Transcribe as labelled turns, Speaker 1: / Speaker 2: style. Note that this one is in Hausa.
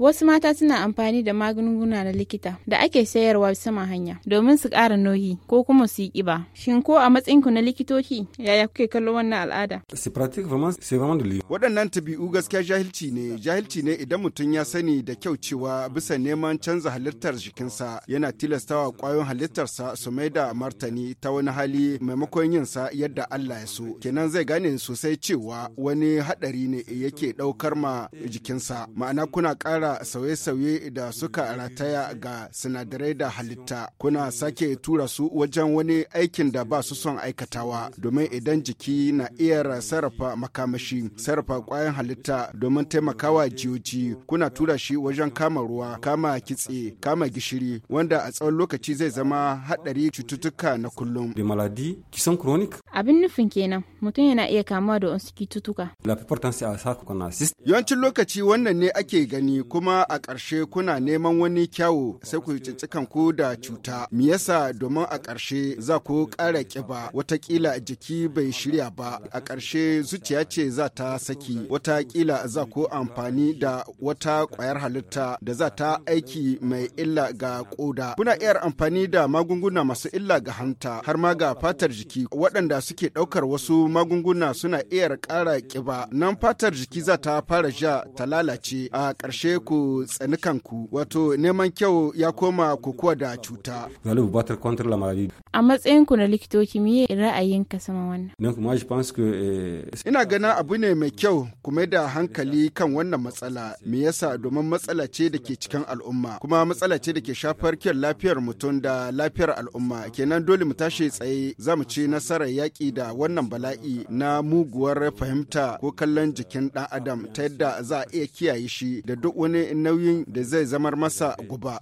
Speaker 1: Wasu mata suna amfani da magunguna na likita da ake sayarwa sama hanya domin su ƙara nauyi ko kuma su yi ƙiba. Shin ko a matsayinku na likitoci yaya kuke kallon wannan al'ada?
Speaker 2: Waɗannan tabi'u gaskiya jahilci ne, jahilci ne idan mutum ya sani da kyau cewa bisa neman canza halittar jikinsa yana tilastawa ƙwayoyin halittarsa su mai da martani ta wani hali maimakon yinsa yadda Allah ya so. Kenan zai gane sosai cewa wani haɗari ne yake ɗaukar ma jikinsa. Ma'ana kuna ƙara sauye-sauye da suka rataya ga sinadarai da halitta kuna sake tura su wajen wani aikin da ba su son aikatawa domin idan jiki na iya sarrafa makamashi sarrafa kwayan halitta domin taimakawa jiyoji kuna tura shi wajen kama ruwa kama kitse kama gishiri wanda a tsawon lokaci zai zama haɗari cututtuka na kullum
Speaker 1: abin nufin kenan mutum yana iya kamuwa da wasu cututtuka
Speaker 2: yawancin lokaci wannan ne ake gani kuma kuma a ƙarshe kuna neman wani kyawu sai ku yi ku da cuta me yasa domin a ƙarshe za ku ƙara ƙiba watakila jiki bai shirya ba a ƙarshe zuciya ce za ta saki watakila za ku amfani da wata ƙwayar halitta da za ta aiki mai illa ga ƙoda kuna iya amfani da magunguna masu illa ga hanta har ma ga fatar jiki waɗanda suke ɗaukar wasu magunguna suna iya ƙara ƙiba nan fatar jiki za ta fara ja ta lalace a ƙarshe ku tsani kanku wato neman kyau ya koma kuwa da cuta.
Speaker 1: A matsayin ku na likitoci miye ra'ayin ka sama wannan?
Speaker 2: Eh, Ina gana abu ne mai kyau kuma da hankali kan wannan matsala me yasa domin matsala ce da ke cikin al'umma kuma matsala ce da ke shafar kyan lafiyar mutum da lafiyar al'umma kenan dole mu tashi tsaye za mu ci nasarar yaƙi da wannan bala'i na muguwar fahimta ko kallon jikin ɗan adam ta yadda za a iya kiyaye shi da duk wani ne nauyin da zai zamar masa guba.